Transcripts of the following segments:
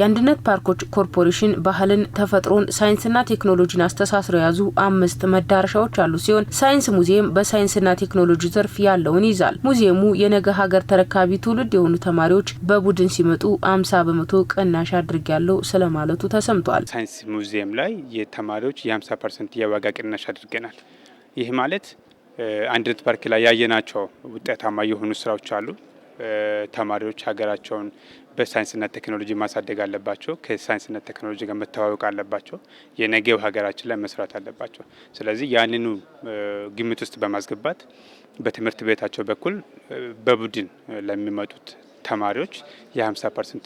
የአንድነት ፓርኮች ኮርፖሬሽን ባህልን፣ ተፈጥሮን፣ ሳይንስና ቴክኖሎጂን አስተሳስረው የያዙ አምስት መዳረሻዎች አሉ ሲሆን ሳይንስ ሙዚየም በሳይንስና ቴክኖሎጂ ዘርፍ ያለውን ይዛል። ሙዚየሙ የነገ ሀገር ተረካቢ ትውልድ የሆኑ ተማሪዎች በቡድን ሲመጡ አምሳ በመቶ ቅናሽ አድርግ ያለው ስለማለቱ ተሰምቷል። ሳይንስ ሙዚየም ላይ የተማሪዎች የአምሳ ፐርሰንት የዋጋ ቅናሽ አድርገናል። ይህ ማለት አንድነት ፓርክ ላይ ያየናቸው ውጤታማ የሆኑ ስራዎች አሉ ተማሪዎች ሀገራቸውን በሳይንስና ቴክኖሎጂ ማሳደግ አለባቸው። ከሳይንስና ቴክኖሎጂ ጋር መተዋወቅ አለባቸው። የነገው ሀገራችን ላይ መስራት አለባቸው። ስለዚህ ያንኑ ግምት ውስጥ በማስገባት በትምህርት ቤታቸው በኩል በቡድን ለሚመጡት ተማሪዎች የ50 ፐርሰንት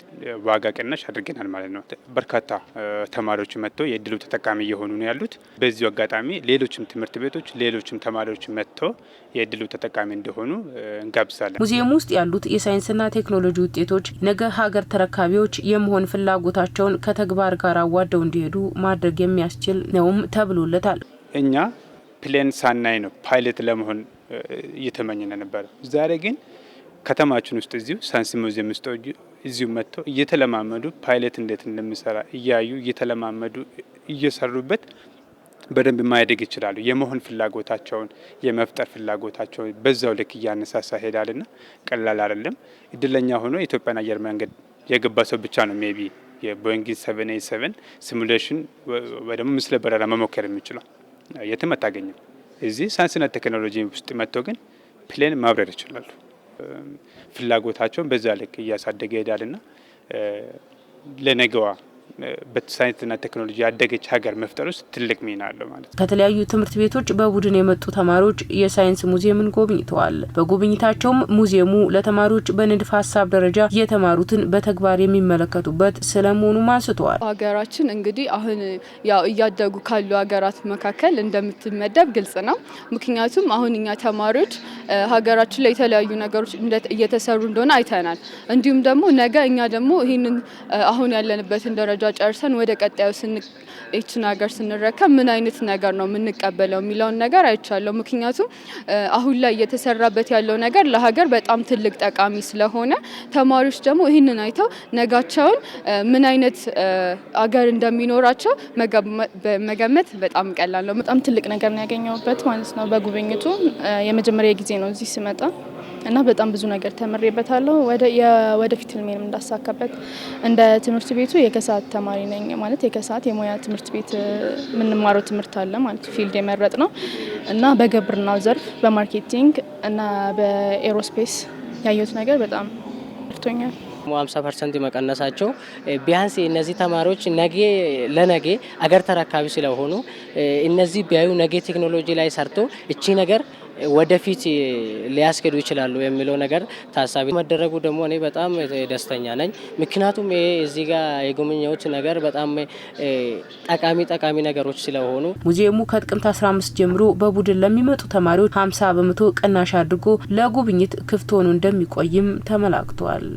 ዋጋ ቅናሽ አድርገናል ማለት ነው። በርካታ ተማሪዎች መጥተው የእድሉ ተጠቃሚ እየሆኑ ነው ያሉት። በዚሁ አጋጣሚ ሌሎችም ትምህርት ቤቶች፣ ሌሎችም ተማሪዎች መጥተው የእድሉ ተጠቃሚ እንደሆኑ እንጋብዛለን። ሙዚየም ውስጥ ያሉት የሳይንስና ቴክኖሎጂ ውጤቶች ነገ ሀገር ተረካቢዎች የመሆን ፍላጎታቸውን ከተግባር ጋር አዋደው እንዲሄዱ ማድረግ የሚያስችል ነውም ተብሎለታል። እኛ ፕሌን ሳናይ ነው ፓይለት ለመሆን እየተመኘነ ነበረ። ዛሬ ግን ከተማችን ውስጥ እዚሁ ሳንስ ሙዚየም ውስጥ እዚሁ መጥተው እየተለማመዱ ፓይለት እንዴት እንደምሰራ እያዩ እየተለማመዱ እየሰሩበት በደንብ ማያደግ ይችላሉ። የመሆን ፍላጎታቸውን የመፍጠር ፍላጎታቸውን በዛው ልክ እያነሳሳ ና ቀላል አይደለም። እድለኛ ሆኖ የኢትዮጵያን አየር መንገድ የገባ ሰው ብቻ ነው ሜይ ቢ የቦይንግ 787 ሲሙሌሽን ወይ ደግሞ ምስለ በረራ መሞከር የሚችለው የትም አታገኝም። እዚህ ሳይንስና ቴክኖሎጂ ውስጥ መጥተው ግን ፕሌን ማብረር ይችላሉ። ፍላጎታቸውን በዛ ልክ እያሳደገ ና ለነገዋ በሳይንስና ቴክኖሎጂ ያደገች ሀገር መፍጠር ውስጥ ትልቅ ሚና አለው ማለት ነው። ከተለያዩ ትምህርት ቤቶች በቡድን የመጡ ተማሪዎች የሳይንስ ሙዚየምን ጎብኝተዋል። በጉብኝታቸውም ሙዚየሙ ለተማሪዎች በንድፈ ሀሳብ ደረጃ የተማሩትን በተግባር የሚመለከቱበት ስለመሆኑም አንስተዋል። ሀገራችን እንግዲህ አሁን ያው እያደጉ ካሉ ሀገራት መካከል እንደምትመደብ ግልጽ ነው። ምክንያቱም አሁን እኛ ተማሪዎች ሀገራችን ላይ የተለያዩ ነገሮች እየተሰሩ እንደሆነ አይተናል። እንዲሁም ደግሞ ነገ እኛ ደግሞ ይህንን አሁን ያለንበትን ደረጃ ጨርሰን ወደ ቀጣዩ ይችን ሀገር ስንረከብ ምን አይነት ነገር ነው የምንቀበለው የሚለውን ነገር አይቻለሁ። ምክንያቱም አሁን ላይ እየተሰራበት ያለው ነገር ለሀገር በጣም ትልቅ ጠቃሚ ስለሆነ ተማሪዎች ደግሞ ይህንን አይተው ነጋቸውን ምን አይነት አገር እንደሚኖራቸው መገመት በጣም ቀላል ነው። በጣም ትልቅ ነገር ነው ያገኘሁበት ማለት ነው። በጉብኝቱ የመጀመሪያ ጊዜ ነው እዚህ ስመጣ እና በጣም ብዙ ነገር ተምሬበታለሁ። ወደፊት ህልሜንም እንዳሳካበት እንደ ትምህርት ቤቱ የከሰዓት ተማሪ ነኝ ማለት የከሰዓት የሙያ ትምህርት ቤት የምንማረው ትምህርት አለ ማለት ፊልድ የመረጥ ነው እና በግብርናው ዘርፍ በማርኬቲንግ እና በኤሮስፔስ ያየሁት ነገር በጣም እርቶኛል። 50 ፐርሰንት መቀነሳቸው ቢያንስ እነዚህ ተማሪዎች ነገ ለነገ አገር ተረካቢ ስለሆኑ እነዚህ ቢያዩ ነገ ቴክኖሎጂ ላይ ሰርቶ እቺ ነገር ወደፊት ሊያስገዱ ይችላሉ የሚለው ነገር ታሳቢ መደረጉ ደግሞ እኔ በጣም ደስተኛ ነኝ። ምክንያቱም ይሄ እዚህ ጋር የጎብኚዎች ነገር በጣም ጠቃሚ ጠቃሚ ነገሮች ስለሆኑ ሙዚየሙ ከጥቅምት 15 ጀምሮ በቡድን ለሚመጡ ተማሪዎች 50 በመቶ ቅናሽ አድርጎ ለጉብኝት ክፍት ሆኖ እንደሚቆይም ተመላክቷል።